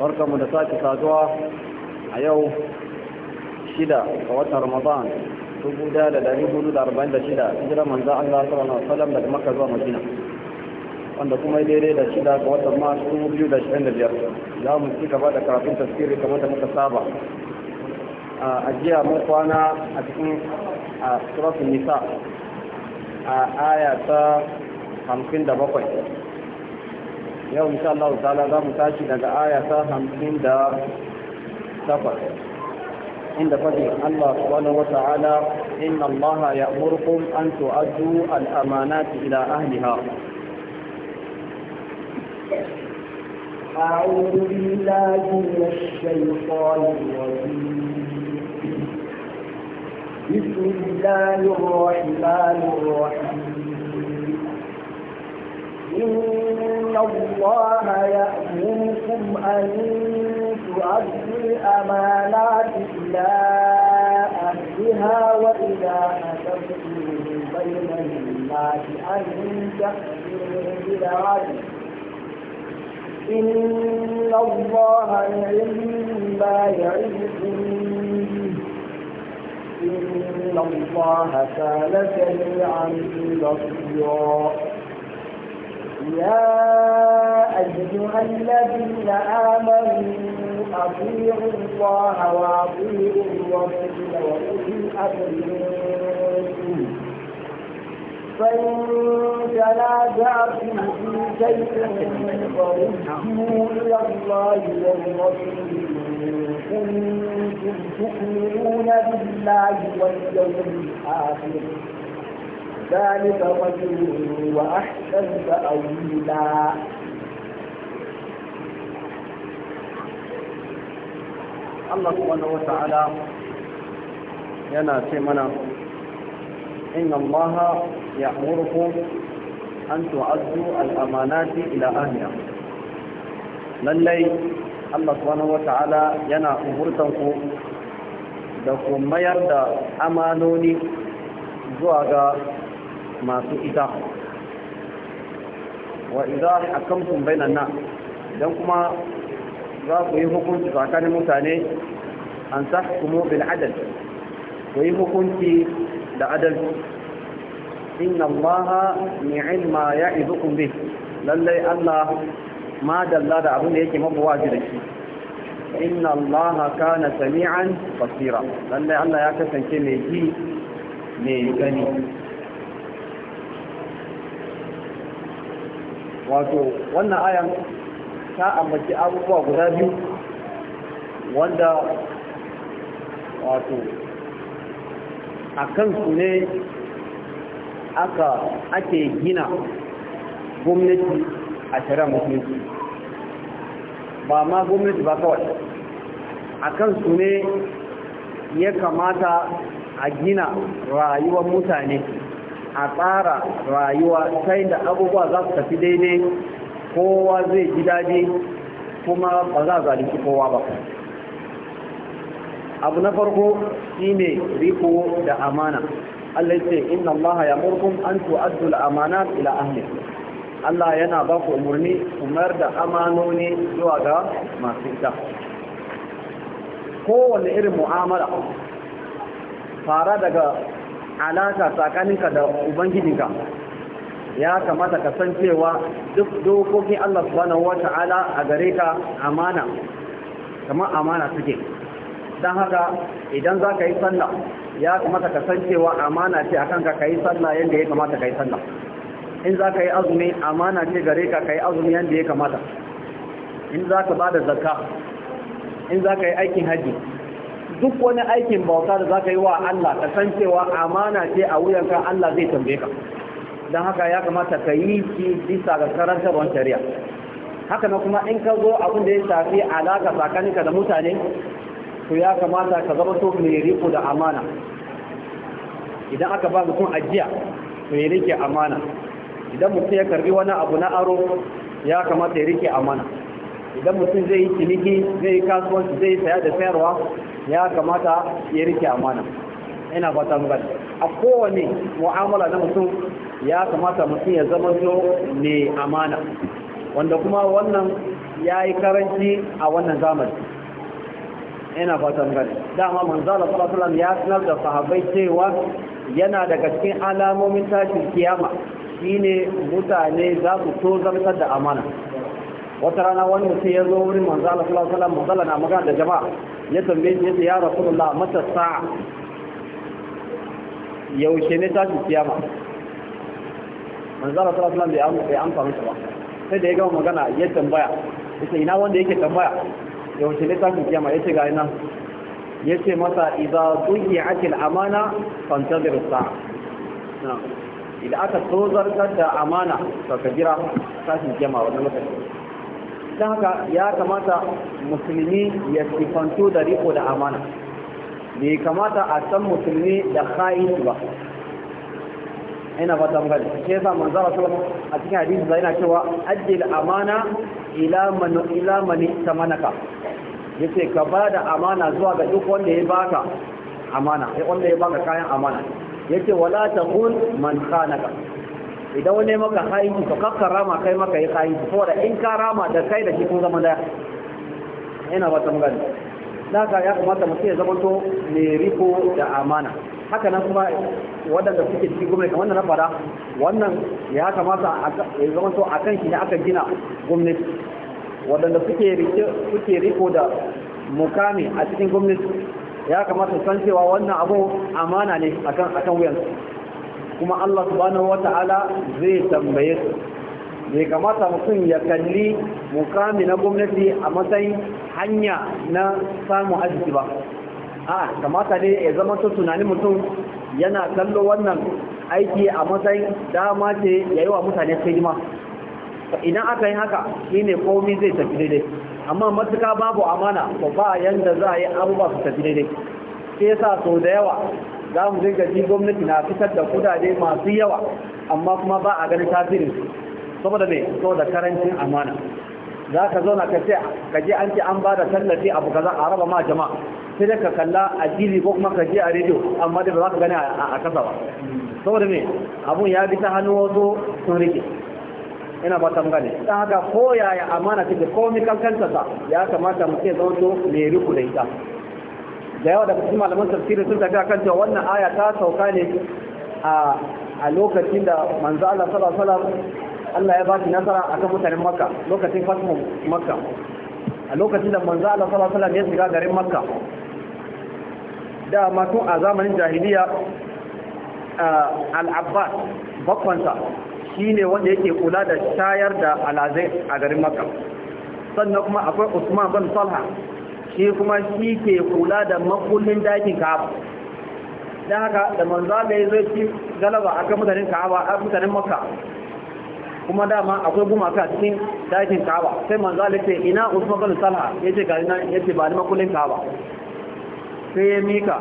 barkamu da sake saduwa a yau shida ga watan ramadan dubu da da dari hudu da arba'in da shida hijirar manzan allah sallallahu alaihi wasallam daga makka zuwa madina wanda kuma yi daidai da shida ga watan mars dubu biyu da ashirin da biyar za mu ci gaba da karatun tasiri kamar da muka saba a jiya mun kwana a cikin a suratun nisa a aya ta hamsin da bakwai yau insha Allah ta'ala za mu tashi daga aya ta hamsin da takwas inda fadin Allah subhanahu wa ta'ala inna Allah ya'murukum an tu'addu al-amanati ila ahliha أعوذ بالله من الشيطان الرجيم بسم الله الرحمن الرحيم إن الله يأمركم أن تؤدوا الأمانات إلى أهلها وإذا حكمتم بين الناس أن تحكموا بالعدل إن الله نعم يعظكم به إن الله كان سميعا بصيرا يا أيها الذين آمنوا أطيعوا الله وأطيعوا الرسول وأولي الأمر منكم فإن تنازعتم في شيء فردوه إلى الله والرسول كنتم تؤمنون بالله واليوم الآخر ذلك رجل واحسن تاويلا الله سبحانه وتعالى ينا سيمنا ان الله يامركم ان تؤدوا الامانات الى اهلها للي الله سبحانه وتعالى ينا امرتكم da kuma yarda أمانوني zuwa masu ita wa idza hakamtum bainan na dan kuma za ku yi hukunci tsakanin mutane an tahkumu bil adl ku yi hukunci da adalci inna allaha ni'ma ya'idukum bih lalle allah ma dalla da abin da yake maku wajibi da shi inna allaha kana sami'an basira lalle allah ya kasance mai ji mai gani wato wannan ayan ta ambaci abubuwa guda biyu wanda wato a kansu ne aka ake gina gwamnati a shari'a musulunci ba ma gwamnati ba kawai a kansu ne ya kamata a gina rayuwar mutane a tsara rayuwa ta da abubuwa za su tafi daidai kowa zai ji daɗi kuma ba za a zalunci kowa ba abu na farko shine riko da amana Allah ya ce inna Allah ya murkum an tu'addu al-amanat ila ahli Allah yana ba ku umarni umar da amanoni zuwa ga masu ita kowane irin mu'amala fara daga alaka tsakaninka da ubangijinka ya kamata ka san cewa duk dokokin Allah subhanahu wata'ala a gare ka amana kamar amana suke don haka idan za ka yi sallah ya kamata ka san cewa amana ce a kanka ka yi sallah yadda ya kamata ka yi sallah in za ka yi azumi amana ce gare ka ka yi azumi yadda ya kamata in za ka ba da zakka in za ka yi aikin hajji duk wani aikin bauta da za ka yi wa Allah ka san cewa amana ce a wuyan ka Allah zai tambaye ka don haka ya kamata ka yi shi bisa ga karantarwar shari'a haka na kuma in ka zo abin da ya shafi alaka tsakaninka da mutane to ya kamata ka zama to mai riko da amana idan aka ba mutum ajiya to ya rike amana idan mutum ya karbi wani abu na aro ya kamata ya rike amana idan mutum zai yi ciniki zai yi kasuwanci zai saya da sayarwa ya kamata ya rike amana ina fata mu a kowane mu'amala na mutum ya kamata mutum ya zama ne amana wanda kuma wannan ya yi karanci a wannan zamani ina fatan gani dama manzala sallallahu ya sanar da sahabbai cewa yana daga cikin alamomin tashin kiyama shine mutane za su to zartar da amana wata rana wani mutum ya zo wurin manzo Allah sallallahu alaihi wasallam na magana da jama'a ya tambaye shi yace ya rasulullah mata sa'a yaushe ne tashi kiyama manzo Allah sallallahu alaihi wasallam bai amsa masa ba sai da ya gama magana ya tambaya yace ina wanda yake tambaya yaushe ne ta tashi kiyama yace ga ina yace masa idza duhi'at al-amana fantazir as-sa'a idan aka tozarta da amana to ka jira tashin kiyama wannan lokacin don haka ya kamata musulmi ya sifanto da riko da amana bai kamata a san musulmi da kha'inci ba ina ba tambari ke sa manzara rasul a cikin hadisi zai na cewa da amana ila man ila man Ya ce ka da amana zuwa ga duk wanda ya baka amana ya wanda ya baka kayan amana Ya ce wala ta taqul man ka. idan wani maka haiti to kakka rama kai maka yi haiti da in ka rama da kai da shi kun zama da ina ba ta magana da ka ya kamata mutum ya zama to ne riko da amana haka nan kuma waɗanda suke cikin gwamnati wannan na fara wannan ya kamata ya zama to a kan shi ne aka gina gwamnati waɗanda suke riko da mukami a cikin gwamnati ya kamata san cewa wannan abu amana ne akan akan wuyansu kuma Allah subhanahu wata'ala zai tambaye su bai kamata mutum ya kalli mukami na gwamnati a matsayin hanya na samun arziki ba a kamata ne ya zama ta tunanin mutum yana kallo wannan aiki a matsayin dama ce ya yi wa mutane hidima idan aka yi haka Shi ne komi zai tafi daidai amma matuka babu amana ko ba yanda za a yi abubuwa su tafi daidai sai yasa sau da yawa za mu dinga ji gwamnati na fitar da kudade masu yawa amma kuma ba a ganin tasirin saboda me saboda karancin amana za ka zauna ka ce ka je an ce an ba da tallafi abu kaza a raba ma jama'a sai da ka kalla a jiri ko kuma ka je a rediyo amma da ba za ka gani a kasa ba saboda me abun ya bi ta hannu wasu sun rike ina ba ta gane ta haka ko yaya amana take ko kankanta ya kamata mu ke zauto mai riku da ita da yawa daga cikin malaman tafsiri sun tafi akan cewa wannan aya ta sauka ne a a lokacin da manzo Allah sallallahu alaihi wasallam Allah ya ba shi nasara akan mutanen Makka lokacin fatmu Makka a lokacin da manzo Allah sallallahu alaihi wasallam ya shiga garin Makka da ma tun a zamanin jahiliya al-Abbas bakwansa shine wanda yake kula da shayar da alazai a garin Makka sannan kuma akwai Usman bin Talha shi kuma shi ke kula da makullin dakin ka'aba dan haka da manzo Allah ya zai ci galaba kan mutanen ka'aba a mutanen makka kuma dama akwai ka cikin dakin ka'aba sai manzo Allah ce ina Usman bin Talha yace ga ina yace ba ni makullin ka'aba sai ya mika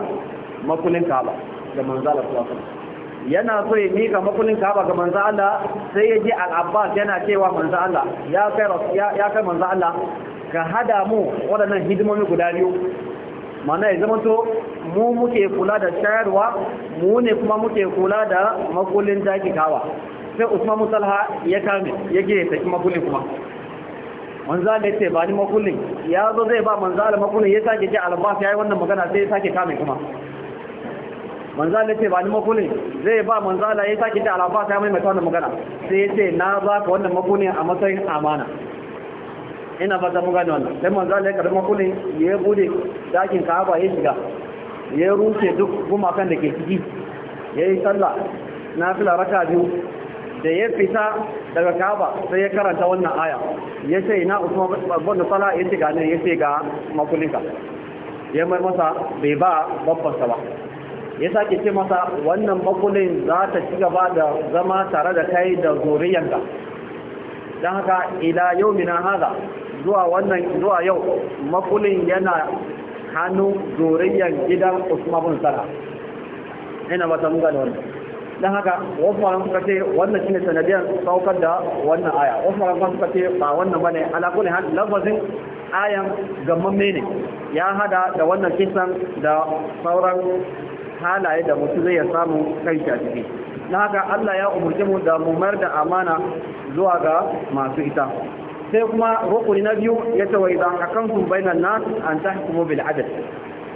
makullin ka'aba ga manzo Allah kuwa yana so ya mika makullin ka'aba ga manzo Allah sai ya ji Al-Abbas yana cewa manzo Allah ya kai ya kai manzo Allah ka hada mu waɗannan hidimomi guda biyu mana ya zama to mu muke kula da shayarwa mu ne kuma muke kula da makulin kawa sai usman musalha ya kame ya gire ta makulin kuma manza da ce ba ni makulin ya zo zai ba manza da makulin ya sake ji albasa ya yi wannan magana sai ya sake kame kuma manza da ce ba ni makulin zai ba manza da ya sake ji albasa ya mai mai wannan magana sai ya ce na ba ka wannan makulin a matsayin amana ina ba ta muga wannan sai manzo Allah ya karbi makulin ya bude dakin Ka'aba ya shiga ya rushe duk gumakan da ke ciki yayi sallah na fila raka biyu da ya fita daga Ka'aba sai ya karanta wannan aya ya ce ina Usman babban Salah ya shiga ne ya ce ga makulinka ya mai masa bai ba babban sala ya sake ce masa wannan makulin za ta ci gaba da zama tare da kai da zuriyanka don haka ila yau mina haza zuwa wannan zuwa yau makulin yana hannun zuriyar gidan Usman bin Sala ina ba ta muga da wannan don haka wasu malaman suka ce wannan shine sanadiyar saukar da wannan aya wasu malaman suka ce ba wannan bane ala hannun lafazin ayan gamman ne ya hada da wannan kisan da sauran halaye da mutum zai samu kai a ciki na haka Allah ya umarci mu da mu mayar da amana zuwa ga masu ita sai kuma rukuni na biyu ya ce wai zan hakankum bainan na an tahkumu bil adal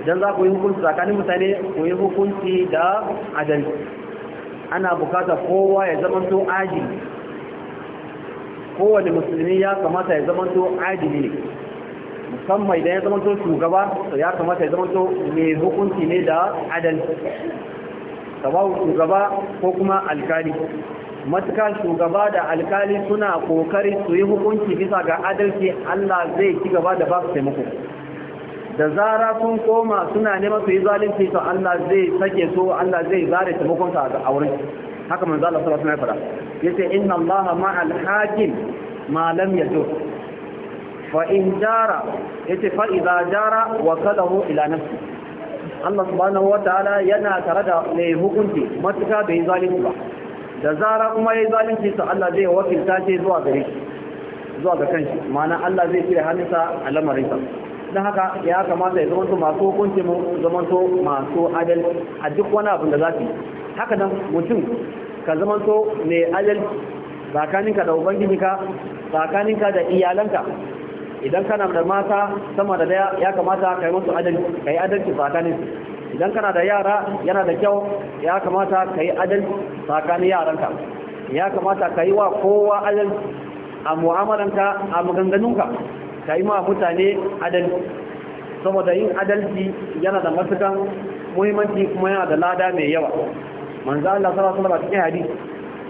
idan za ku yi hukunci tsakanin mutane ku yi hukunci da adalci ana bukata kowa ya zamanto adili kowane musulmi ya kamata ya zamanto adili ne musamman idan ya zamanto shugaba to ya kamata ya zamanto mai hukunci ne da adalci tabawu shugaba ko kuma alkali matuka shugaba da alkali suna kokari su yi hukunci bisa ga adalci Allah zai ci gaba da ba su taimako da zara sun koma suna neman su yi zalunci to Allah zai sake so Allah zai zare taimakon sa a wurin haka manzo Allah sallallahu alaihi wasallam ce, inna Allah ma'al hakim ma lam yajur fa in jara yace fa idza jara wa kalahu ila nafsi Allah subhanahu wa ta'ala yana tare da mai hukunci matuka bai zalunci ba da zara kuma ya yi zalunci su Allah zai wakilta ce zuwa gare zuwa ga kanshi ma'ana Allah zai kire hannunsa a lamarinsa. don haka ya kamata ya zama masu hukunci mu zama masu adal a duk wani abin da zaki haka nan mutum ka zama mai adal tsakaninka da ubangijinka tsakaninka da iyalanka idan kana da mata sama da daya ya kamata ka yi masu adalci ka yi adalci tsakaninsu idan kana da yara yana da kyau ya kamata ka yi adalci tsakanin yaranka ya kamata ka yi wa kowa adalci a mu'amalanka a maganganunka ka yi ma mutane adalci saboda yin adalci yana da matukan muhimmanci kuma yana da lada mai yawa manzo Allah sallallahu alaihi wasallam cikin hadisi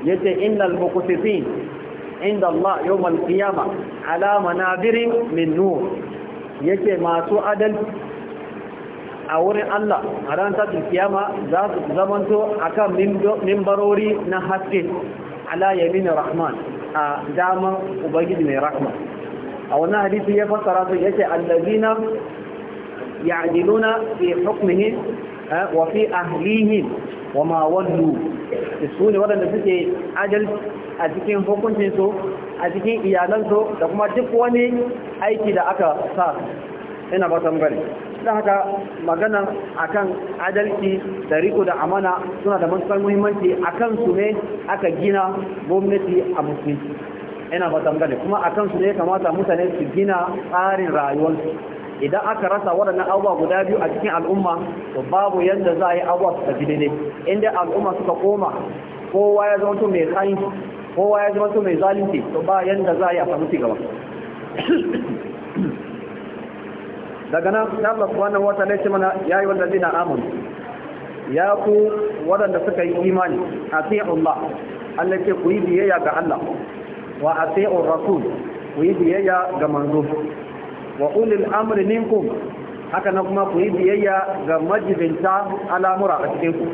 yace innal muqsitin inda Allah yawmal qiyamah ala manabirin min nur yace masu adalci a wurin Allah a ran tashin kiyama za su zamanto akan mimbarori na haske ala yamin rahman a daman ubangiji mai rahma a wannan hadisi ya fassara su yace allazina ya'diluna fi hukmihi wa fi ahlihim wa ma wallu su ne waɗanda suke adal a cikin hukuncinsu a cikin iyalansu da kuma duk wani aiki da aka sa ina ba tambari da haka magana akan adalci da riko da amana suna da matuƙar muhimmanci akan su ne aka gina gwamnati a musulunci ina ba tambale kuma akan su ne ya kamata mutane su gina tsarin rayuwarsu idan aka rasa waɗannan abubuwa guda biyu a cikin al'umma to babu yadda za a yi abubuwa su tafi daidai inda al'umma suka koma kowa ya zama mai tsayi kowa ya zama mai zalunci to ba yadda za a yi a samu cigaba daga nan sai Allah subhanahu wataala ya ce mana yayi wallazina amanu ya ku waɗanda suka yi imani a Allah Allah ce ku yi biyayya ga Allah wa a rasul ku yi biyayya ga manzo wa ulil amri minkum haka nan kuma ku yi biyayya ga majibinta al'amura a cikin ku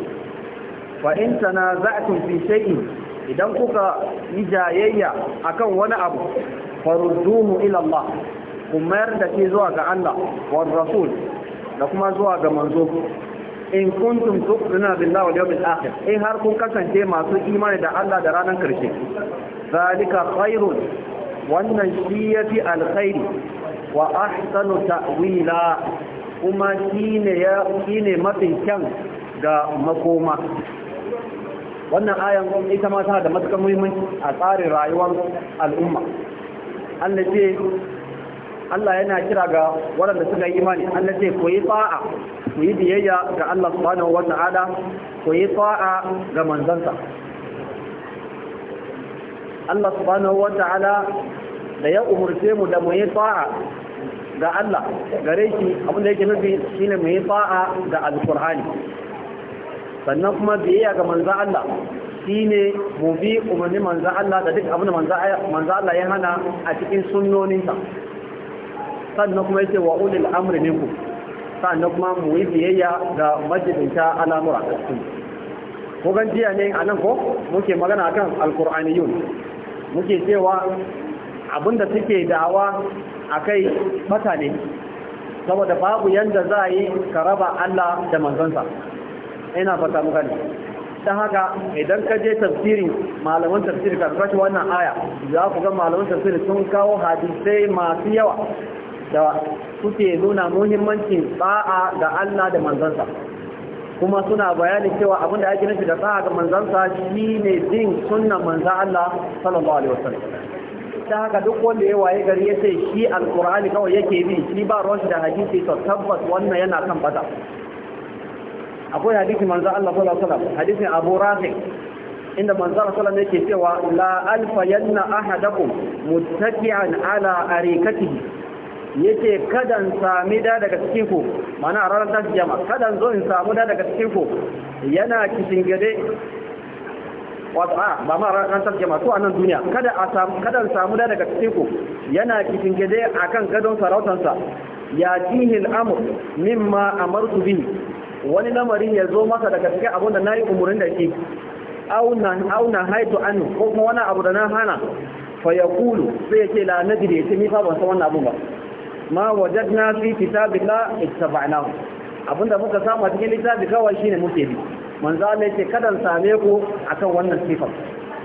fa in tanaza'tum fi shay'in idan kuka yi jayayya akan wani abu farudduhu ila Allah ku mayar da ke zuwa ga Allah wa rasul da kuma zuwa ga manzo in kuntum tu'minuna billahi wal yawmil akhir in har kun kasance masu imani da Allah da ranar karshe zalika khairun wannan shi yafi alkhairi wa ahsanu ta'wila kuma shine ya mafi kyan ga makoma wannan ayan ita mata da matuka muhimmanci a tsarin rayuwar al'umma Allah ce Allah yana kira ga waɗanda suka yi imani Allah ce ku yi fa'a ku yi biyayya ga Allah subhanahu wata'ala ku yi fa'a ga manzansa Allah subhanahu wata'ala da ya umurce mu da mu yi fa'a ga Allah gare shi abin da yake nufi shine mu yi fa'a ga alqur'ani sannan kuma biyayya ga manzan Allah shine mu bi umarni manzan Allah da duk abin da manzan Allah ya hana a cikin sunnoninsa sannan kuma yace wa ulil amri minkum sannan kuma mu yi biyayya ga majibinta al'amura ko gan jiya ne a nan ko muke magana akan alqur'aniyun muke cewa abinda suke da'awa akai mata ne saboda babu yadda za a yi ka raba Allah da manzansa ina fata muka ne ta haka idan ka je tafsirin malaman tafsiri ka wannan aya za ku ga malaman tafsiri sun kawo hadisai masu yawa da suke nuna muhimmancin tsa'a ga Allah da manzansa kuma suna bayanin cewa abinda ake nufi da tsa'a ga manzansa shine din sunnan manzan Allah sallallahu alaihi wasallam ta haka duk wanda ya waye gari ya ce shi alkur'ani kawai yake bi shi ba ruwan da hadisi to tabbas wannan yana kan bada. akwai hadisi manzan Allah sallallahu alaihi wasallam hadisin Abu Rafi inda alaihi wasallam yake cewa la alfa yanna ahadakum muttaki'an ala arikatihi kada in sami da daga cikin ku mana ranar tashi jama in zo in samu da daga cikin ku yana gade. wato a ba ma ranar tashi jama to a nan duniya kada a samu in samu da daga cikin ku yana gade akan gadon sarautansa ya jihil amr mimma amartu bihi wani lamarin ya zo masa daga cikin abin da nayi umurin da shi auna haitu anu ko kuma wani abu da na hana fa yaqulu sai ya ce la nadri ya ce ni fa ban san wannan abun ba ma wajadna fi kitabillah ittaba'nahu abinda muka samu a cikin littafi kawai shine muke bi manzo Allah yace kadan same ku akan wannan sifar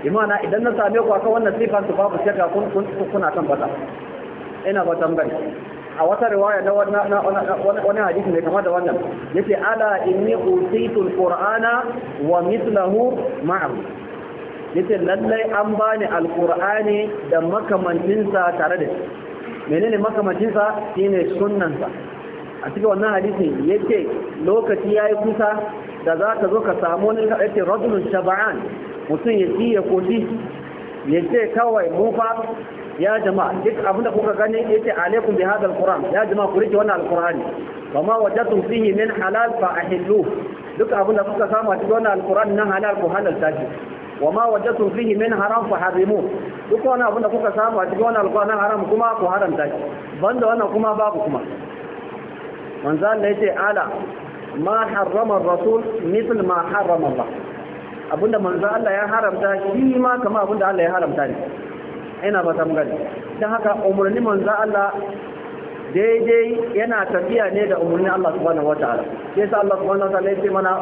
imana idan na same ku akan wannan sifar to babu shakka kun kuna kan bata ina ba tambayi a wata riwaya na wani hadisi mai kama da wannan yace ala inni utitu alqur'ana wa mithluhu ma'ahu yace lallai an bani alqur'ani da makamancinsa tare da shi menene makamancinsa shine sunnansa a cikin wannan hadisin yace lokaci yayi kusa da za ka zo ka samu wani ka yace rajulun shab'an mutum ya ci ya koshi yace kawai mu fa ya jama'a duk abinda kuka gani yace alaikum bi hadal qur'an ya jama'a ku rike wannan alqur'ani fama wajadtum fihi min halal fa ahillu duk abinda kuka samu a cikin wannan alqur'ani nan halal ku halalta shi wama wajadtum fihi min haram fa harimu duk wani abu da kuka samu a cikin wani alkwanin haram kuma ku haramta shi banda wannan kuma babu kuma manzo Allah yace ala ma harrama rasul mithl ma harrama Allah abunda manzo Allah ya haramta shi ma kamar abunda Allah ya haramta ne ina ba ta gani dan haka umurni manzo Allah daidai yana tafiya ne da umurni Allah subhanahu wataala sai sa Allah subhanahu wataala yace mana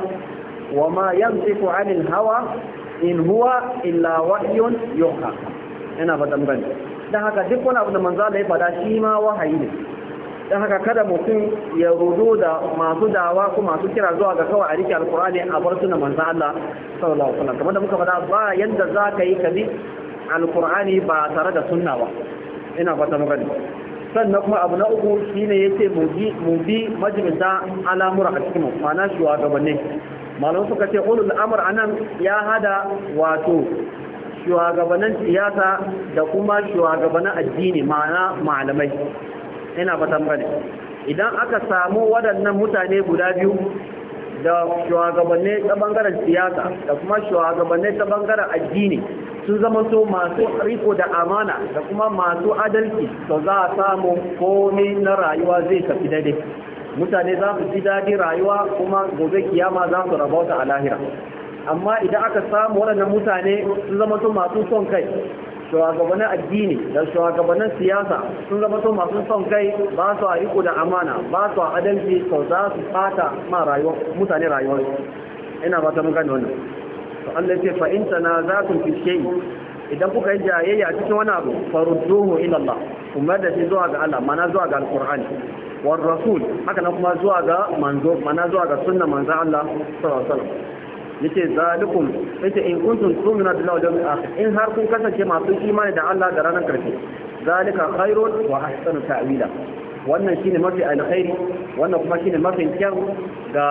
wa ma yamsiku anil hawa in huwa illa wahyun yuha ina fatan gani dan haka duk wani abu da manzo Allah ya fada shi ma wahayi ne dan haka kada mutum ya rudo da masu dawa ko masu kira zuwa ga kawai a rike alqur'ani a bar sunan manzo Allah sallallahu alaihi wasallam kamar da muka fada ba yanda ka yi kabi alqur'ani ba tare da sunna ba ina fatan gani sannan kuma abu na uku shine ce mu bi majalisa al'amura a cikin ma'ana shugabanni malamu suka ce ulul amr anan ya hada wato shugabannin siyasa da kuma shugabannin addini ma'ana malamai ina fatan bane idan aka samu waɗannan mutane guda biyu da shugabannin ta bangaren siyasa da kuma shugabannin ta bangaren addini sun zama so masu riko da amana da kuma masu adalci to za a samu komai na rayuwa zai tafi daidai mutane za su ji daɗi rayuwa kuma gobe kiyama za su rabauta a lahira amma idan aka samu waɗannan mutane sun zama sun masu son kai shugabannin addini da shugabannin siyasa sun zama sun masu son kai ba su a riko da amana ba su a adalci sau za su fata ma rayuwar mutane rayuwar ina ba ta mun gane wannan to Allah ce fa in tana za ku fiske idan kuka yi jayayya cikin wani abu farudduhu ila Allah kuma da shi zuwa ga Allah mana zuwa ga alqur'ani war rasul haka nan kuma zuwa ga manzo mana zuwa ga sunan manzo Allah sallallahu alaihi wasallam yace zalikum yace in kuntum tu'minuna billahi wal yawmil akhir in har kun kasance masu imani da Allah da ranar karshe zalika khairun wa ahsanu ta'wila wannan shine mafi alkhairi wannan kuma shine mafi kyau ga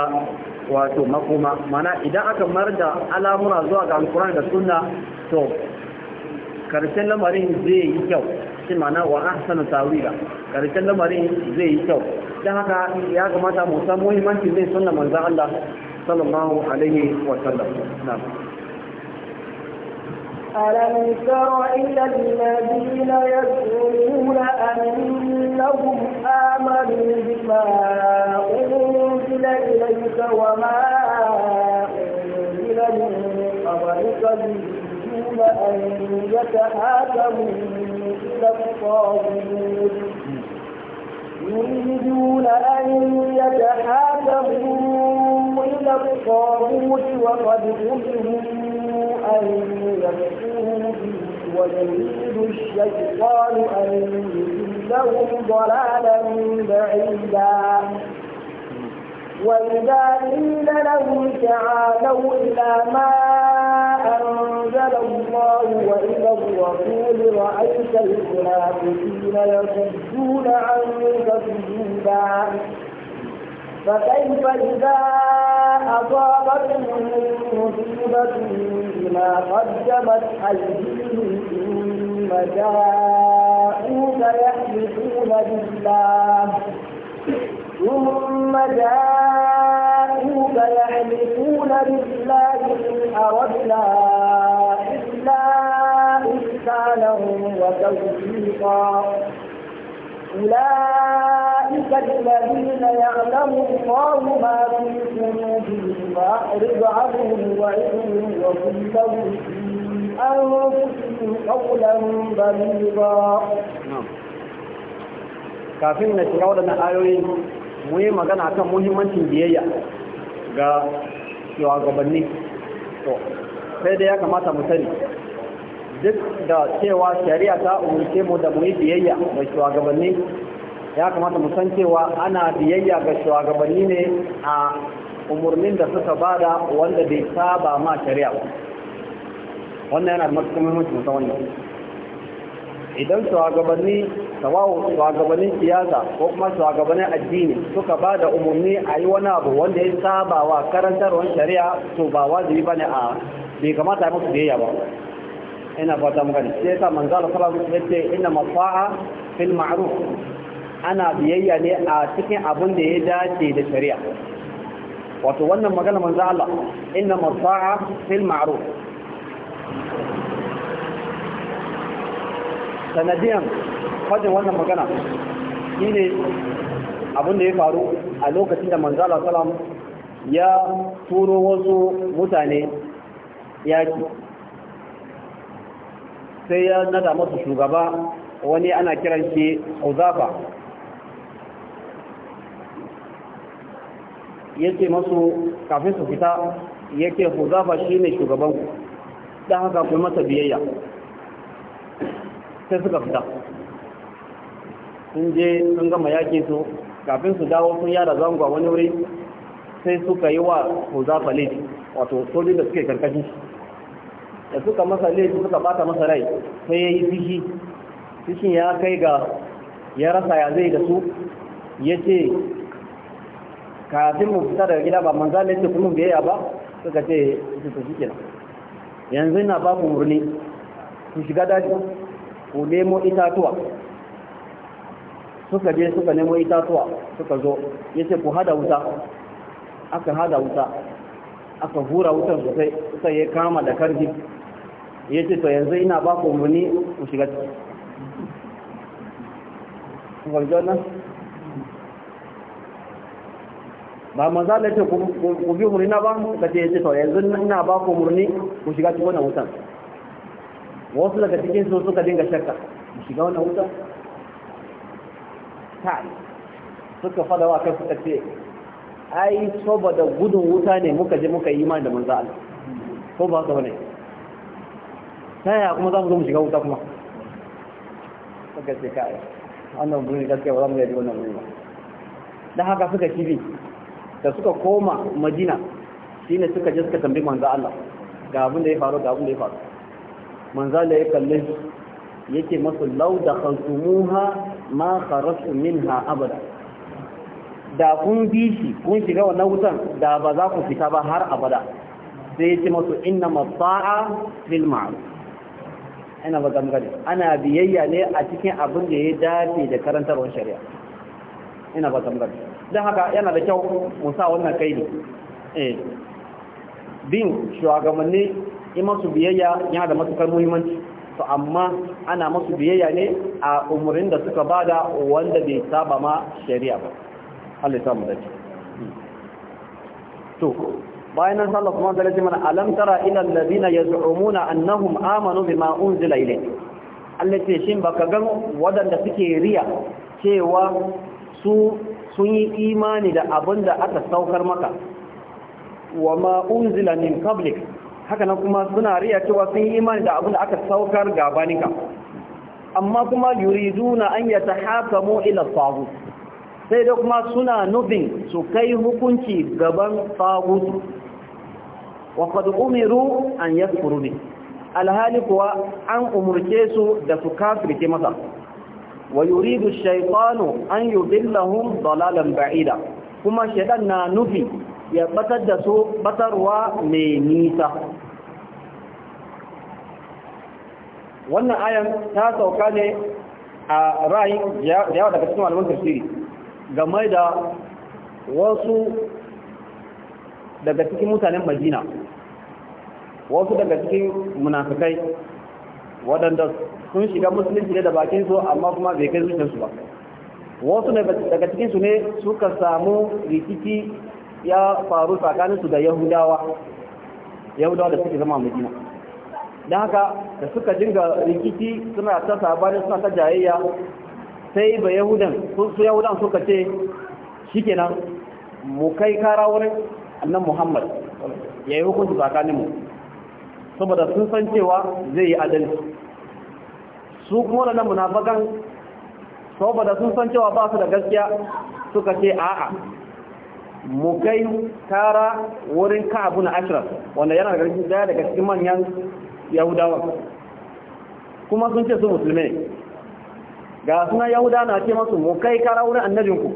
wato makoma mana idan aka mar da al'amura zuwa ga alkurani da sunna to karshen lamarin zai yi kyau shi mana wa ahsanu tawila karshen lamarin zai yi kyau dan haka ya kamata mu san muhimmancin zai sunna manzo Allah صلى الله عليه وسلم نعم ألم تر إلى الذين يزعمون أنهم آمنوا بما أنزل إليك وما أنزل من قبلك يريدون أن يتحاكموا إلى الطاغوت يريدون أن يتحاكموا قبل الطاغوت وقد أمروا أن يكفروا به ويريد الشيطان أن يضلهم ضلالا بعيدا وإذا قيل لهم تعالوا إلى ما أنزل الله وإلى الرسول رأيت المنافقين يصدون عنك سجودا فكيف إذا أصابتهم مصيبة بما قدمت أيديهم ثم جاءوك يحلفون بالله ثم جاءوك يحلفون بالله إن أردنا إلا إحسانا وتوفيقا أولئك الذين يعلم الله ما في قلوبهم فأعرض عنهم وعظهم وقل لهم أنفسهم قولا بليغا kafin na shiga waɗannan ayoyin mu yi magana kan muhimmancin biyayya ga shugabanni to sai dai ya kamata mu sani duk da cewa shari'a ta umarce mu da mu yi biyayya ga shugabanni ya kamata mu san cewa ana biyayya ga shugabanni ne a umarnin da suka bada wanda bai saba ma shari'a ba wannan yana da matuƙar muhimmanci ta wannan idan shugabanni tawawo shugabannin siyasa ko kuma shugabannin addini suka ba da umarni a yi wani abu wanda ya saba wa karantarwar shari'a to ba wajibi ba ne a bai kamata a musu biyayya ba ina fata mu sai ka manzo Allah sallallahu alaihi wasallam yace inna mafa'a fil ma'ruf ana biyayya ne a cikin abin da ya dace da shari'a wato wannan magana manzo Allah inna mafa'a fil ma'ruf sanadiyan fadin wannan magana shine abin da ya faru a lokacin da manzo Allah sallallahu alaihi wasallam ya turo wasu mutane yaki sai ya nada masu shugaba wani ana kiran shi uzafa yake masu kafin su fita yake uzafa shi ne shugaban ta haka kuma masa biyayya sai suka fita sun je sun gama yake su kafin su dawo sun yara zangwa wani wuri sai suka yi wa uzafa laifi wato sojin da suke karkashin shi da suka masa laifi suka bata masa rai sai ya yi fishi fishin ya kai ga ya rasa ya zai da su ya ce kafin mu fita daga gida ba manza ne ce kuma biyayya ba suka ce su ta shi kenan yanzu na ba ku murni ku shiga daji ku nemo itatuwa suka je suka nemo itatuwa suka zo ya ce ku hada wuta aka hada wuta aka hura wutan sosai sai ya kama da karfi ya ce to yanzu ina ba ku umarni ku shiga ciki ba maza da ce ku bi umarni na ba mu da ce ya ce to yanzu ina ba ku umarni ku shiga cikin wannan wutan wasu daga cikin su suka dinga shakka ku shiga wannan wutan ta suka fada wa kai suka ce ai saboda gudun wuta ne muka je muka yi imani da manzo Allah ko ba ka bane ta yaya kuma za mu zo mu shiga wuta kuma suka ce kai wannan buri gaskiya ba za mu yi wannan buri ba da haka suka kibi da suka koma madina shine suka je suka tambi manzo Allah ga abin da ya faru ga abin da ya faru manzo Allah ya kalle yake masu lau da khazumuha ma kharaju minha abada da kun bi shi kun shiga wannan wutan da ba za ku fita ba har abada sai yake ce masu inna masa'a fil ma'ruf ina ba ana biyayya ne a cikin abin da ya dace da karantarwar shari'a ina ba don haka yana da kyau mu sa wannan kaidi eh bin shugabanni in masu biyayya yana da matukar muhimmanci to amma ana masu biyayya ne a umarnin da suka bada wanda bai saba ma shari'a ba Allah ya samu dace hmm. to bayan nan Allah subhanahu wa ta'ala mana alam tara ila allazina yaz'umuna annahum amanu bima unzila ilayk Allah ce shin baka ga wadanda suke riya cewa su sun yi imani da abinda aka saukar maka wa ma unzila min qablik haka nan kuma suna riya cewa sun yi imani da abinda aka saukar gabaninka amma kuma yuriduna an yatahakamu ila taghut sai da kuma suna nufin su kai hukunci gaban taghut wa umiru an yakfuru alhali kuwa an umurce su da su kafirce masa wa yuridu shaytanu an yudillahum dalalan ba'ida kuma shaytan na nufi ya batar da su batarwa mai nisa wannan ayan ta sauka ne a ra'ayin yawa daga cikin malaman tafsiri game da wasu daga cikin mutanen madina wasu daga cikin munafikai waɗanda sun shiga musulunci ne da bakin su amma kuma bai kai zuciyarsu ba wasu daga cikin su ne suka samu rikici ya faru tsakanin su da yahudawa yahudawa da suke zama madina don haka da suka dinga rikici suna ta sabani suna ta jayayya sai ba yahudan su yahudan suka ce shikenan mu kai kara wurin annan muhammad ya yi hukunci tsakaninmu saboda sun san cewa zai yi adalci su kuma da nan munafakan saboda sun san cewa ba su da gaskiya suka ce a'a mu kai tara wurin ka abu na ashirar wanda yana da daya daga cikin manyan yahudawa kuma sun ce su musulmi ga suna yahuda na ce masu mu kai kara wurin annabinku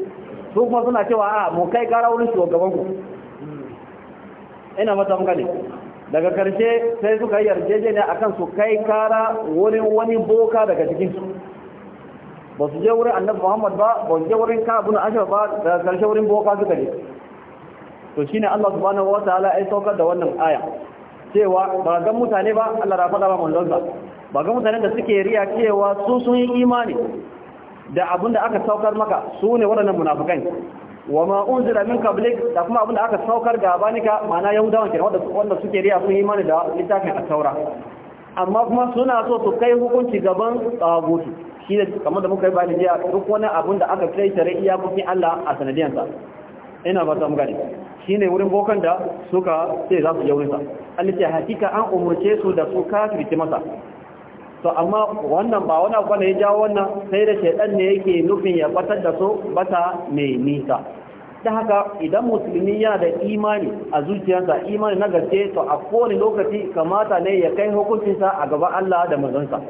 su kuma suna cewa a mu kai kara wurin shugabanku ina mata gane daga karshe sai suka yi yarjejeniya akan su kai kara wani wani boka daga cikin su ba su je wurin annabi muhammad ba ba su je wurin kabun ashar ba daga karshe wurin boka suka je to shine allah subhanahu wa ta'ala ya saukar da wannan aya cewa ba ga mutane ba allah rafa da ba manzonsa ba ga mutanen da suke riya cewa su sun yi imani da abin da aka saukar maka su ne waɗannan munafukai wa ma unzila min qablik da kuma abinda aka saukar gabanika ma'ana yahudawan kenan wanda wanda suke riya sun imani da littafin at-taura amma kuma suna so su kai hukunci gaban tsagutu shi ne kamar da muka yi bayani jiya duk wani abin da aka kai tare iyakokin Allah a sa ina ba ta gani shi ne wurin bokan da suka ce za su yi wurinsa Allah ce hakika an umurce su da su kafirce masa to amma wannan ba wani abu ne ya jawo wannan sai da shaidan ne yake nufin ya batar da su bata mai nisa ta haka idan musulmi yana da imani a zuciyarsa imani na gaske to a kowane lokaci kamata ne ya kai hukuncinsa a gaba Allah da manzonsa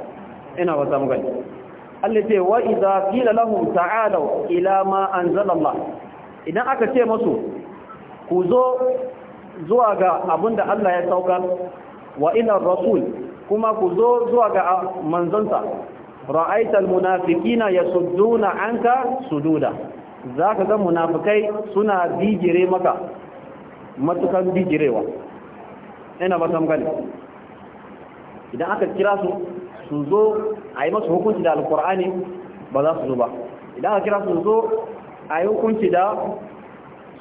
ina ba mu gani Allah ce wa idza qila lahum ta'alu ila ma anzala Allah idan aka ce masu ku zo zuwa ga abinda Allah ya sauka, wa ila rasul kuma ku zo zuwa ga ah, manzonsa ra'aital munafiqina yasudduna anka sududa zaka ga munafikai suna bijire maka matukan bijirewa ina ba san gani idan aka kira su su zo a yi masu hukunci da alkur'ani ba za su zo ba idan aka kira su zo a yi hukunci da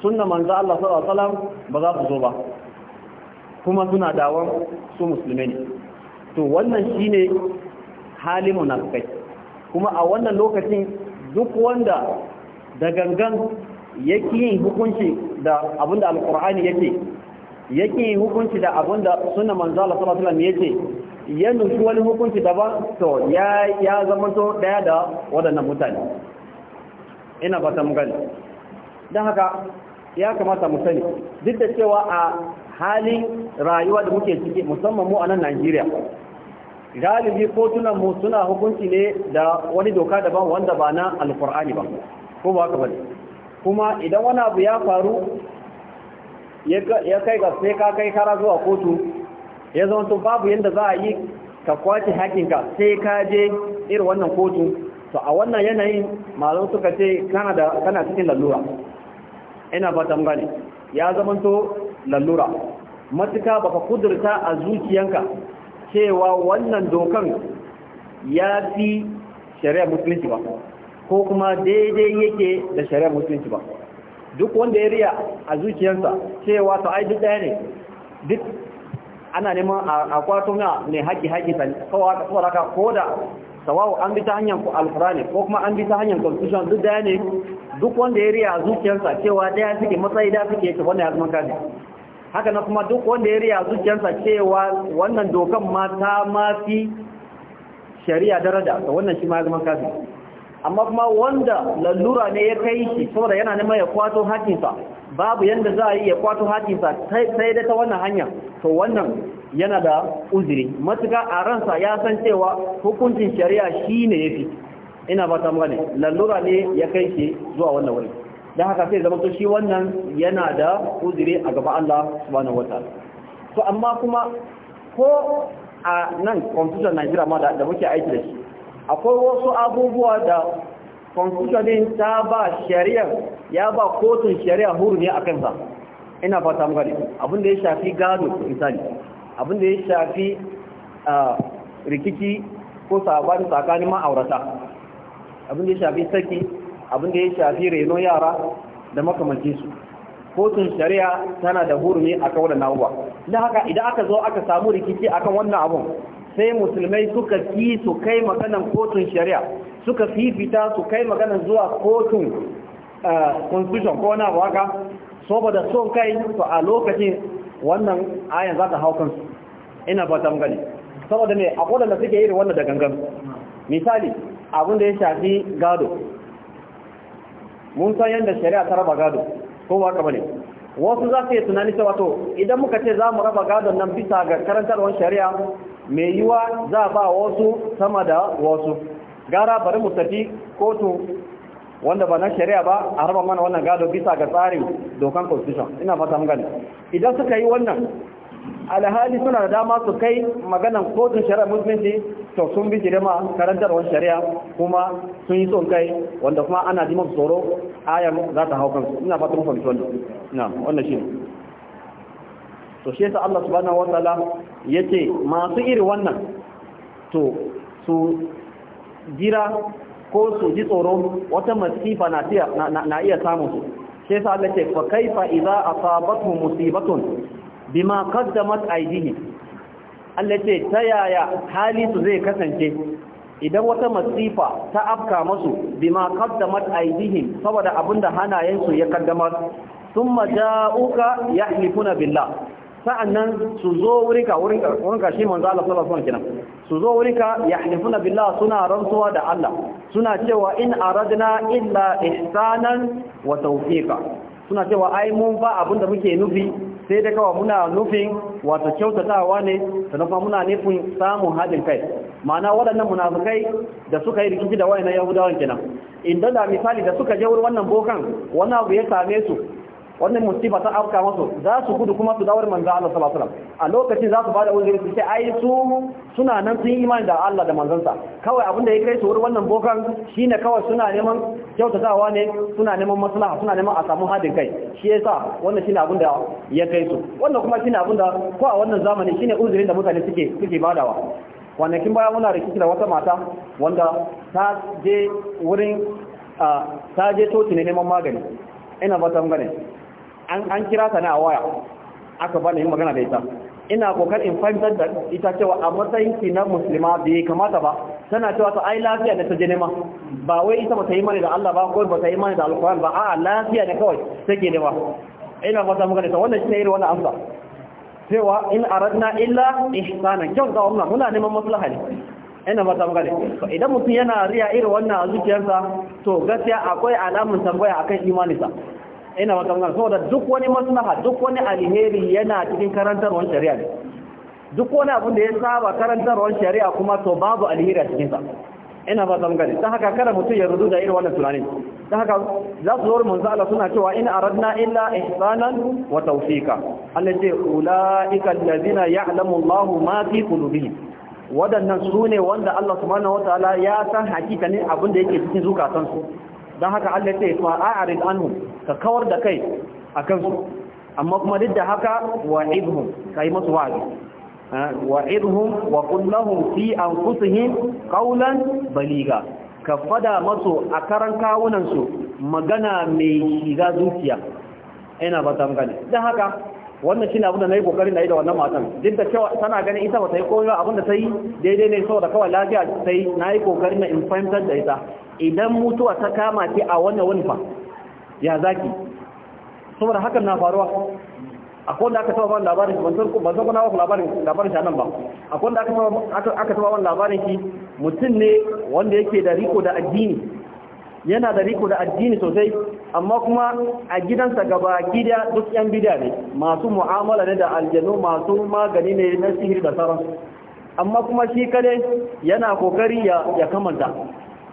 sunna manzo Allah sallallahu alaihi wasallam ba za su zo ba kuma suna dawon su musulmai ne to wannan shi ne halin munafikai kuma a wannan lokacin duk wanda da gangan yake yin hukunci da abinda alkur'ani yake yake yin hukunci da abinda suna manzo Allah sallallahu alaihi wasallam yake ya nufi wani hukunci daban to ya ya zama to daya da wadannan mutane ina ba ta mugani don haka ya kamata mu sani duk da cewa a halin rayuwa da muke ciki musamman mu a nan Najeriya galibi kotunan mu suna hukunci ne da wani doka daban wanda ba na alkur'ani ba ko ba ka bane kuma idan wani abu ya faru ya kai ga sai ka kai kara zuwa kotu ya zama to babu yadda za a yi ka kwace hakinka sai ka je irin wannan kotu to a wannan yanayin malam suka ce kana da kana cikin lalura ina fatan gane ya zama to lalura matuka baka kudurta a zuciyanka cewa wannan dokan ya fi shari'a musulunci ba ko kuma daidai yake da shari'a musulunci ba duk wanda ya riya a zuciyarsa cewa ta ai duk daya ne duk ana neman a ya mai haƙi haƙi ta kawai haka ko da sawawo an bi ta hanyar ne ko kuma an bi ta hanyar constitution duk daya ne duk wanda ya riya a zuciyarsa cewa daya suke matsayi da suke yake wannan ya zama kaji haka na kuma duk wanda ya riya zuciyarsa cewa wannan dokan ma ta mafi shari'a daraja da wannan shi ma zama kafin amma kuma wanda lallura ne ya kai shi saboda yana nema ya kwato hakinsa babu yadda za a yi ya kwato hakinsa sai da ta wannan hanya to wannan yana da uzuri matuka a ransa ya san cewa hukuncin shari'a shi ne ya fi ina ba ta lallura ne ya kai shi zuwa wannan wani. da haka sai zama to shi wannan yana da uzuri a gaba Allah subhanahu wataala to amma kuma ko a nan computer nigeria ma da muke aiki da shi akwai wasu abubuwa da din ta ba shari'a ya ba kotun shari'a huru ne akan sa ina fata muka ne abin da ya shafi gado misali abin da ya shafi rikici ko sabani tsakanin ma'aurata abin da ya shafi saki abin da ya shafi reno yara da makamanci su kotun shari'a tana da hurumi a kawo da nawuwa na haka idan aka zo aka samu rikici akan wannan abun sai musulmai suka ki su kai maganan kotun shari'a suka fifita su kai maganan zuwa kotun eh, constitution ko wani abu haka saboda son kai to a lokacin wannan ayan za ta hau kansu ina ba ta gani saboda ne a kodanda suke irin wannan da gangan misali abin da ya shafi gado mun san yadda shari'a ta raba gado ko ba ka bane wasu za su yi tunani cewa to idan muka ce za mu raba gadon nan bisa ga karantarwar shari'a mai yiwa za a ba wasu sama da wasu gara bari mu tafi kotu wanda ba na shari'a ba a raba mana wannan gado bisa ga tsarin dokan constitution ina fata mun gani idan suka yi wannan alhali suna da dama su kai maganan kotun shari'a musulunci to sun bi ma karantarwar shari'a kuma sun yi son kai wanda kuma ana ji masu tsoro ayan za ta hau kansu ina fatan fahimci wannan na wannan shi to shi yasa Allah subhanahu wataala yace masu iri wannan to su jira ko su ji tsoro wata masifa na iya na iya samu su shi yasa Allah ce fa kaifa idza asabatu musibatun bima qaddamat aydihim Allah ce ta yaya hali su zai kasance idan wata masifa ta afka masu bima qaddamat aydihim saboda abinda hanayensu ya kaddamar thumma ja'uka yahlifuna billah sa'annan su zo wurinka wurinka shi manzo Allah sallallahu alaihi wasallam su zo wurinka yahlifuna billah suna rantsuwa da Allah suna cewa in aradna illa ihsanan wa tawfiqa suna cewa ai mun ba abinda muke nufi sai da kawai muna nufin wato kyautatawa ne sannan kuma muna nufin samun haɗin kai ma'ana waɗannan munafukai da suka yi rikici da wayannan yahudawan kenan inda da misali da suka je wurin wannan bokan wani abu ya same su wannan musiba ta auka masu za su gudu kuma su dawar manzan Allah sallallahu alaihi wasallam a lokacin za su bada uzuri su ce ai su suna nan sun yi imani da Allah da manzansa kawai abin da ya kai su wurin wannan bokan shine kawai suna neman kyautatawa ne suna neman maslaha suna neman a samu hadin kai shi yasa wannan shine abin da ya kai su wannan kuma shine abin da ko a wannan zamani shine uzurin da mutane suke suke badawa kwanakin baya muna rikici da wata mata wanda ta je wurin ta je toci ne neman magani ina ba ta gane an kira ta na waya aka bani yin magana da ita ina kokarin fahimtar da ita cewa a matsayin ki na musulma ya kamata ba tana cewa ta ai lafiya ne ta je nema ba wai ita bata yi mani da Allah ba ko bata yi mani da alkuwan ba a lafiya ne kawai take nema ina fata muka da wannan shi ne irin wannan amsa cewa in aradna illa ihsana kyau da wannan muna neman maslaha ne ina fata muka da idan mutum yana riya irin wannan a zuciyarsa to gaskiya akwai alamun tambaya akan imaninsa ina wata magana saboda duk wani maslaha duk wani alheri yana cikin karantarwar shari'a ne duk wani abin da ya saba karantarwar shari'a kuma to babu alheri a cikin sa ina ba zan gani ta haka kada mutum ya rudu da irin wannan tunanin ta haka za su zo manzo Allah suna cewa in aradna illa ihsanan wa tawfiqa Allah ce ulaika allazina ya'lamu Allahu ma fi qulubihim wadannan sune wanda Allah subhanahu ta'ala ya san hakikanin abin da yake cikin zukatansu don haka Allah ya ce fa a'rid anhum ka kawar da kai akan su amma kuma duk da haka wa'idhum kai musu wa'azi wa'idhum wa qul lahum fi anfusihim qawlan baliga ka fada masu a karan kawunan su magana mai shiga zuciya ina ba ta gane don haka wannan shi ne abin da na yi kokarin na yi da wannan matan duk da cewa tana ganin ita ba ta yi koyo abin da ta yi daidai ne saboda kawai lafiya ta yi na yi kokarin na in fahimtar da ita idan mutuwa ta kama ce a wani wunfa, ya zaki saboda hakan na faruwa akwai wanda aka taba wani labarin ban san ban san kuna ba labarin labarin shi ba akwai wanda aka taba wani labarin shi mutum ne wanda yake da riko da addini yana da riko da addini sosai amma kuma a gidansa gaba gida duk yan bida ne masu mu'amala ne da aljanu masu magani ne na sihiri da sauran amma kuma shi kare yana kokari ya kamanta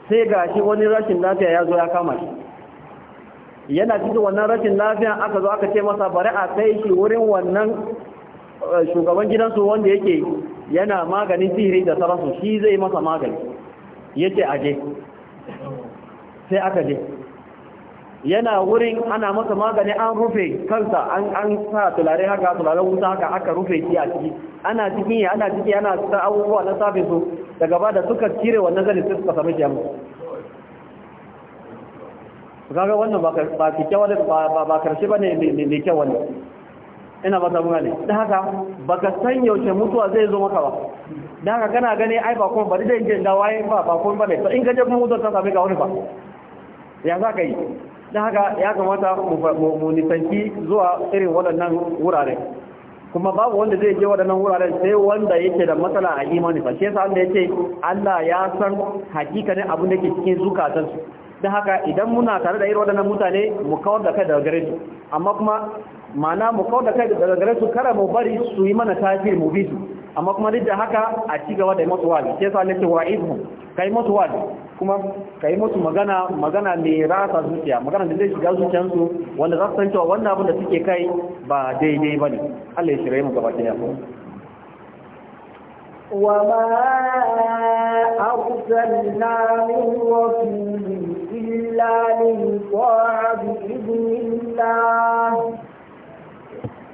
sai ga shi wani rashin lafiya ya zo ya kama shi yana cikin wannan rashin lafiya aka zo aka ce masa bari a kai shi wurin wannan eh, shugaban gidansu wanda yake yana maganin sihiri da sarasu shi zai masa magani yace aje sai aka je yana wurin ana masa magani an rufe kansa an an sa tulare haka tularen wuta haka aka rufe shi a ciki ana cikin ya ana ciki ana ta abubuwa na safe su daga ba da suka cire wannan zani sai suka samu kiyama kaga wannan ba ba kikkiawa ba ba karshe bane ne kyau ne ina ba samu gane da haka baka san yaushe mutuwa zai zo maka ba da haka kana gane ai ba kuma bari da injin dawaye ba ba kuma bane in ka je mutuwa ta sami ka wani ba ya za ka yi da haka ya kamata mu nisanki zuwa irin waɗannan wurare kuma babu wanda zai je waɗannan wuraren sai wanda yake da matsala a imani ba shi yasa Allah yake Allah ya san hakika ne abin da ke cikin zukatansu da haka idan muna tare da irin waɗannan mutane mu kawar da kai daga gare su amma kuma ma'ana mu kawar da kai daga gare su kara mu bari su yi mana tasiri mu bi su amma kuma duk da haka a ci gaba da masu wazi sai sa nake wa'idhum kai masu wazi kuma kai masu magana magana ne rasa zuciya magana da zai shiga zuciyansu wanda za su san cewa wannan abin da suke kai ba daidai bane Allah ya shirye mu gaba ɗaya وما أرسلنا من رسول إلا ليطاع بإذن الله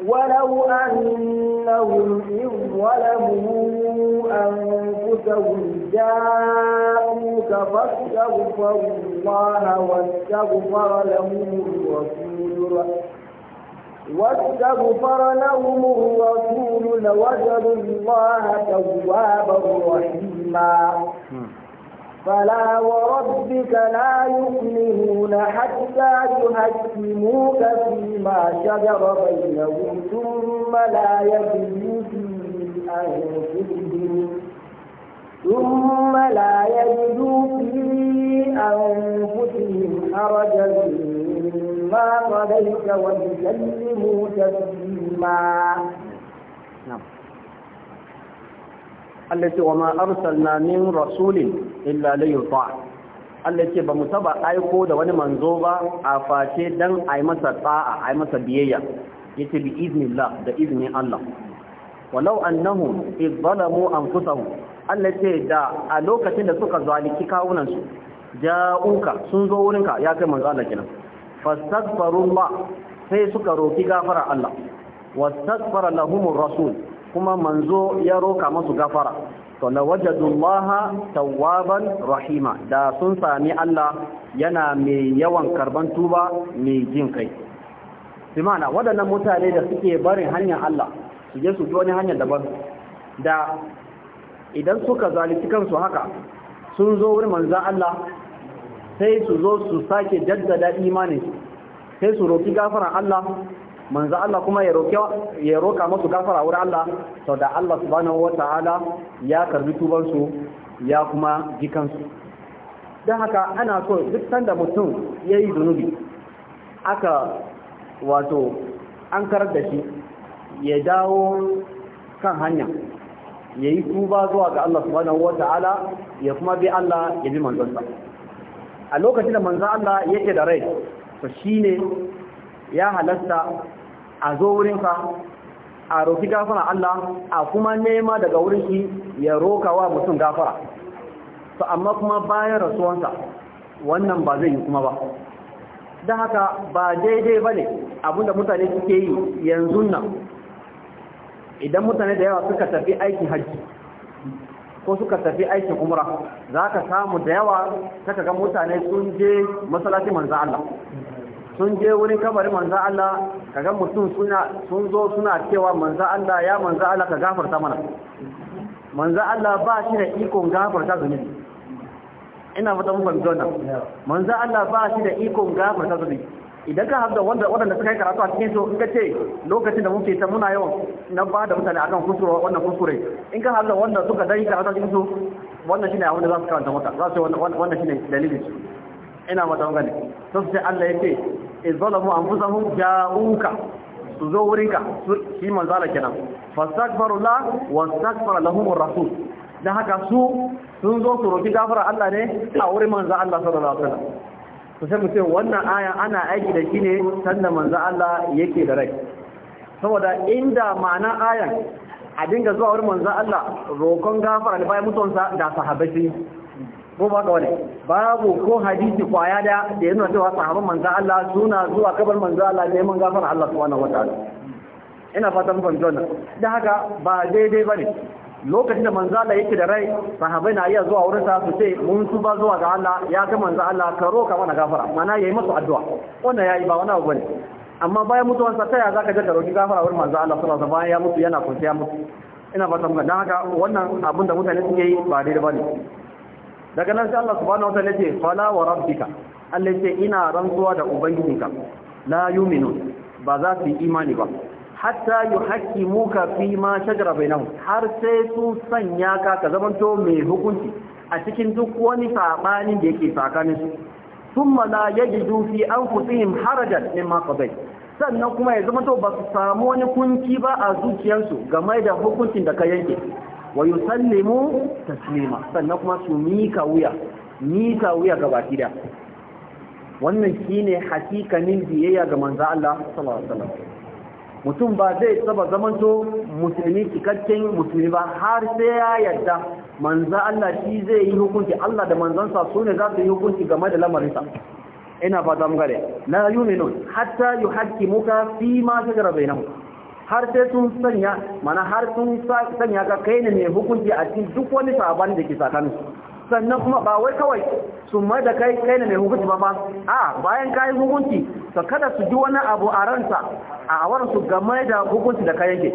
ولو أنهم إذ ظلموا أنفسهم جاءوك فاستغفروا الله واستغفر لهم الرسول واستغفر لهم الرسول لوجدوا الله توابا رحيما فلا وربك لا يؤمنون حتى يحكموك فيما شجر بينهم ثم لا يجدوا في أنفسهم ثم لا يجدوا في أنفسهم حرجا مما قضيت ويسلموا تسليما نعم Allah ce wa ma arsalna min rasulin illa la yuta Allah ce ba mu taba aiko da wani manzo ba a face dan ai masa ta'a ai masa biyayya yace bi iznillah da iznin Allah walau annahum idh zalamu anfusahum Allah ce da a lokacin da suka zaliki kawunan su ja'uka sun zo wurinka ya kai manzo Allah kenan fastaghfirullah sai suka roki gafara Allah wastaghfara lahumur rasul kuma manzo ya roka masu gafara to la wajadullaha tawwaban rahima da sun sami Allah yana mai yawan karban tuba mai jin kai simana waɗannan mutane da suke barin hanyar Allah su je su wani hanyar daban da idan suka zalici kansu haka sun zo wurin manza Allah sai su zo su sake jaddada imanin sai su roki gafaran Allah manzo Allah kuma ya roƙa ya roƙa musu gafara wurin Allah sau da Allah subhanahu wataala ya karbi tuban su ya kuma ji kansu don haka ana so duk sanda mutum ya yi zunubi aka wato an karar da shi ya dawo kan hanya ya yi tuba zuwa ga Allah subhanahu wataala ya kuma bi Allah ya bi manzonsa a lokacin da manzo Allah yake da rai to shine ya halasta a zo wurinka, a roki gafara Allah a kuma nema daga wurin ya roka wa mutum gafara to amma kuma bayan rasuwansa wannan ba zai yi kuma ba don haka ba daidai ba ne abinda mutane suke yi yanzu nan idan mutane da yawa suka tafi aikin hajji ko suka tafi aikin umra za ka samu da yawa saka ga mutane sun je masalacin manzan Allah sun je wurin kabarin manzo Allah ka ga mutum suna sun zo suna cewa manzo Allah ya manzo Allah ka gafarta mana manzo Allah ba shi da ikon gafarta zunubi ina fata mun fahimta wannan manzo Allah ba shi da ikon gafarta zunubi idan ka haɗa wanda waɗanda suka yi karatu a cikin su in ka ce lokacin da muke ta muna yawan na ba da mutane akan kuskure wannan kuskure in ka haɗa wanda suka dai karatu a cikin su wannan shine abin da za su karanta mata za su wannan shine dalilin su ina mata wani sun sai Allah ya ce izalamu anfusahum ja'uka su zo wurinka shi manzala kenan fastaghfiru la wastaghfara lahum ar-rasul dan haka su sun zo su roki gafara Allah ne a wurin manzo Allah sallallahu alaihi wasallam to sai mutum wannan aya ana aiki da shi ne sanda manzo Allah yake da rai saboda inda ma'ana ayan a dinga zuwa wurin manzo Allah roƙon gafara ne bayan mutuwansa da sahabbai ko ba ka wani babu ko hadisi kwaya da da yana cewa sahabban manzan Allah suna zuwa kabar manzan Allah neman gafara Allah subhanahu wataala ina fatan ban jona da haka ba daidai bane lokacin da manzan Allah yake da rai sahabbai na iya zuwa wurin sa su ce mun su ba zuwa ga Allah ya ga manzan Allah ka roka mana gafara mana yayi masa addu'a wannan yayi ba wani abu bane amma bayan mutuwan sa taya zaka je ka roki gafara wurin manzan Allah sallallahu alaihi wasallam bayan ya mutu yana kwanciya mutu ina fatan ga dan haka wannan abin da mutane suke yi ba daidai bane daga nan sai Allah subhanahu wataala ce fala wa rabbika Allah ce ina rantsuwa da ubangijinka la yu'minun ba za su imani ba hatta yuhaqqimuka fi ma shajara bainahum har sai su sanya ka ka zamanto mai hukunci a cikin duk wani sabanin da yake tsakanin su thumma la yajidu fi anfusihim harajan mimma qadai sannan kuma ya zama ba su samu wani kunci ba a zuciyarsu game da hukuncin da ka yanke wa yusallimu taslima sannan kuma su mika wuya mika wuya ga baki da wannan shine hakikanin biyayya ga manzo Allah sallallahu alaihi wasallam mutum ba zai saba zamanto musulmi cikakken musulmi ba har sai ya yarda manzo Allah shi zai yi hukunci Allah da manzonsa su ne za su yi hukunci game da lamarinsa ina fata mun gare la yuminu hatta yuhaqqimuka fi ma shajara bainahum har sai sun sanya mana har sun sanya ka kai ne mai hukunci a cikin duk wani sabon da ke tsakanin sannan kuma ba wai kawai su mai da kai kai ne mai hukunci ba ba a bayan kayan hukunci ka kada su ji wani abu a ransa a awar su game da hukunci da kai yake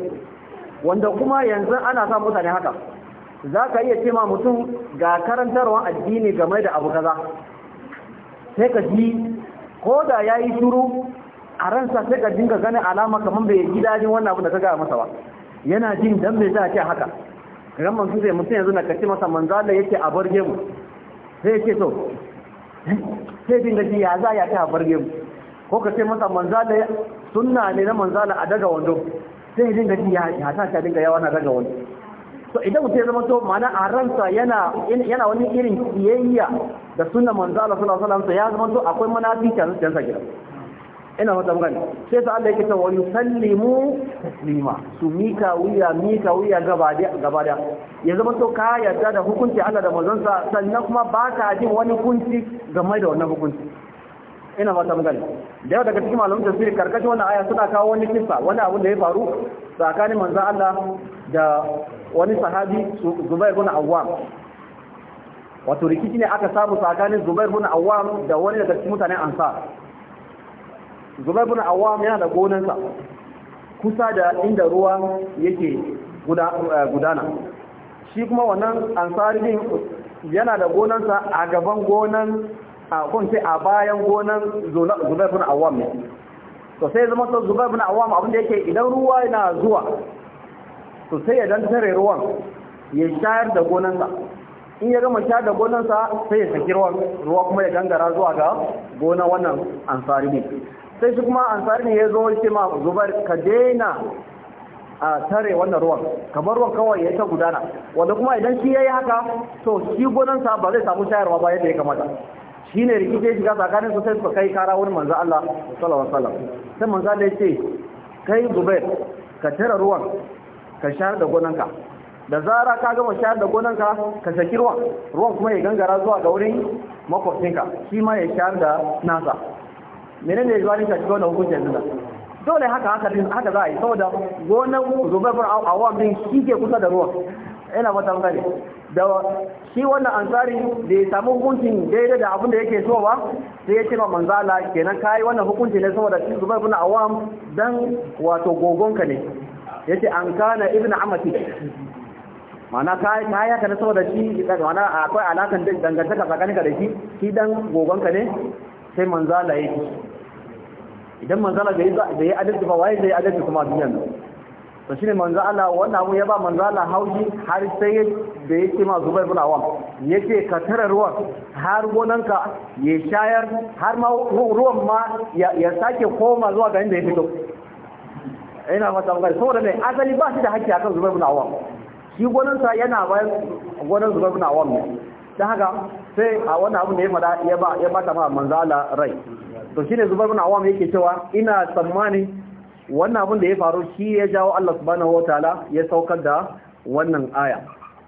wanda kuma yanzu ana sa mutane haka za ka iya ce ma mutum ga karantarwa addini game da abu kaza sai ka ji ko da ya yi shuru a ransa sai ka dinga gane alama kamar bai ji jin wannan abin da ka gaya masa ba yana jin dan bai za ce haka ran manzo sai mutum yanzu na kace masa manzo Allah yake a barge mu sai yake to eh, sai dinga ji ya za ya ta a barge mu ko ka ce masa manzo Allah sunna ne na manzo Allah a daga wando sai dinga ji ya ta ta dinga yawa na daga wando to idan mutum ya zama to mana a ransa yana yana wani irin kiyayya da sunna manzo Allah sallallahu alaihi wasallam ya zama to akwai munafiki a zuciyarsa gidan ina wata gani sai sa Allah yake ta wani sallimu taslima su mika wuya mika wuya gaba da ya zama to ka yarda da hukunci Allah da manzonsa sannan kuma ba ka jin wani hukunci game da wannan hukunci ina wata gani da daga cikin malamin tafsiri karkashin wannan aya suna kawo wani kissa wani abu da ya faru tsakanin manzon Allah da wani sahabi Zubair bin Awwam wato rikici ne aka samu tsakanin Zubair bin Awwam da wani daga cikin mutanen Ansar zubair bin awam yana da gonansa kusa da inda ruwa yake eh, gudana shi kuma wannan ansari yana da gonansa a gaban gonan a kunce a bayan gonan zubai bin awam ne to sai zama to zubai bin awam abin da yake idan ruwa yana zuwa to sai ya dantare tare ruwan ya shayar da gonansa in ya gama shayar da gonansa sai ya saki ruwa kuma ya gangara zuwa ga gonan wannan ansari ne sai shi kuma ansari ne ya zo shi ma zubar ka daina a tare wannan ruwan kamar ruwan kawai ya ta gudana wanda kuma idan shi ya yi haka to shi gonansa ba zai samu shayarwa ba yadda ya kamata shi ne rikice shiga tsakanin su sai suka kai kara wani manzo Allah sallallahu alaihi wasallam sai manzo Allah ya ce kai zubar ka tare ruwan ka shayar da gonanka da zara ka gama shayar da gonanka ka saki ruwan kuma ya gangara zuwa ga wurin makwabcinka shi ma ya shayar da nasa menene zuwa ne ci wannan hukuncin yanzu dole haka haka din haka za a yi saboda gonan zubair bin awam din shi ke kusa da ruwa. ina mata gane da shi wannan ansari da ya samu hukuncin daidai da abin da yake so ba sai ya ce ma manzala kenan kai wannan hukunci ne saboda shi bin awam dan wato gogonka ne yace an kana ibn amati mana kai kai haka ne saboda shi mana akwai alakan dangantaka tsakaninka da shi shi dan gogonka ne sai manzala yake idan manzala bai yi adalci ba waye zai adalci kuma a duniyan to shine manzala wannan mu ya ba manzala hauji har sai da yake ma Zubair bin Awam yake ka tara ruwan har gonanka ya shayar har ma ruwan ma ya sake koma zuwa ga inda ya fito ina mata so saboda mai azali ba shi da hakki akan Zubair bin Awam shi gonansa yana bayan gonan Zubair bin Awam ne dan haka sai a wannan abu ne ya fada ya ba ya ma manzala rai to shine zubar bin Awam yake cewa ina tsammani wannan abin da ya faru shi ya jawo Allah subhanahu wataala ya saukar da wannan aya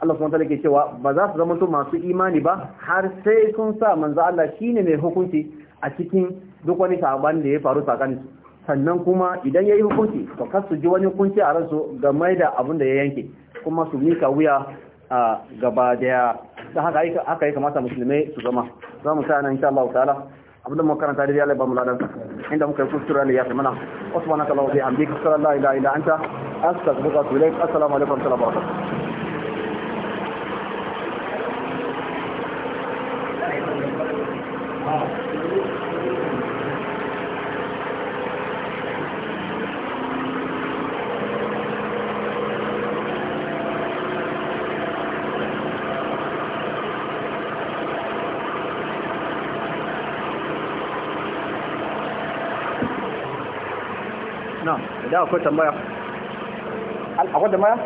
Allah subhanahu wataala yake cewa ba za su zama su masu imani ba har sai sun sa manzo Allah shi ne mai hukunci a cikin duk wani sabon da ya faru tsakanin sannan kuma idan yayi hukunci to kar su ji wani hukunci a ransu game da abin da ya yanke kuma su mika wuya a gaba daya da haka aka ya kamata musulmai su zama za mu sa nan insha Allah ta'ala abinda mu da Allah ba inda muka yi kuskure ne mana subhanaka allahumma wa bihamdika sallallahu ilaha illa anta astaghfiruka wa atubu ilaik assalamu alaikum wa rahmatullahi wa barakatuh da akwai tambaya akwai tambaya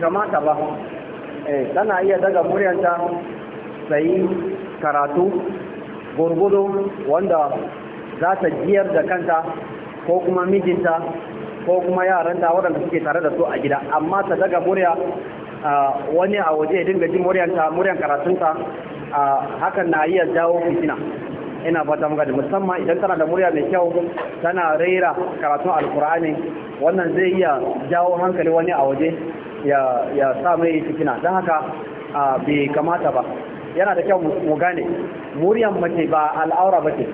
kamata ba eh, tana iya daga muryanta sai karatu gurgudu wanda za ta jiyar da kanta ko kuma mijinta ko kuma yaranta waɗanda suke tare da su a gida amma ta daga murya wani a waje ya dinga jin muryanta muryan karatunta hakan na iya jawo fitina ina fata muka da musamman idan tana da murya mai kyau tana rera karatun alkur'ani wannan zai iya jawo hankali wani a waje ya sa fitina don haka bai kamata ba yana da kyau mu gane muryan mace ba al'aura ba ce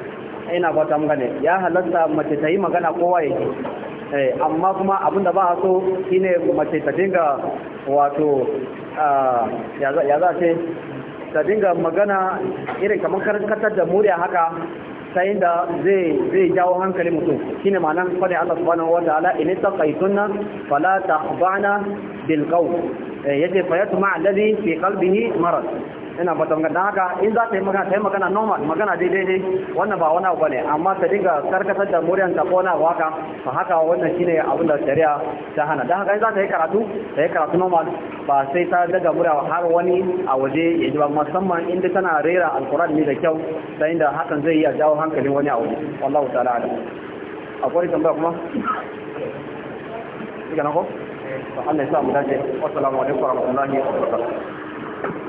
ina ba mu gane ya halatta mace ta yi magana kowa ya eh, amma kuma abin da ba a so ne mace ta dinga wato ya za ce ta dinga magana irin kamar karkatar da murya haka ta yadda zai jawo hankalin mutum shine ma'anar fadin Allah subhanahu wa ta'ala in taqaytunna fala tahbana bil qawl yace fayatma alladhi fi qalbihi marad ina fata magana don haka in za ta yi magana ta yi magana normal magana daidai ne wannan ba wani abu bane amma ta dinga karkatar da muryan ta ko na abu haka ba haka wannan shine abin da shari'a ta hana don haka in za ta yi karatu ta yi karatu normal ba sai ta daga murya har wani a waje ya ji ba musamman inda tana rera alkur'ani ne da kyau ta inda hakan zai iya jawo hankalin wani a waje wallahu ta'ala a akwai tambaya kuma ko? Allah ya sa mu dace. Assalamu alaikum warahmatullahi wabarakatuh.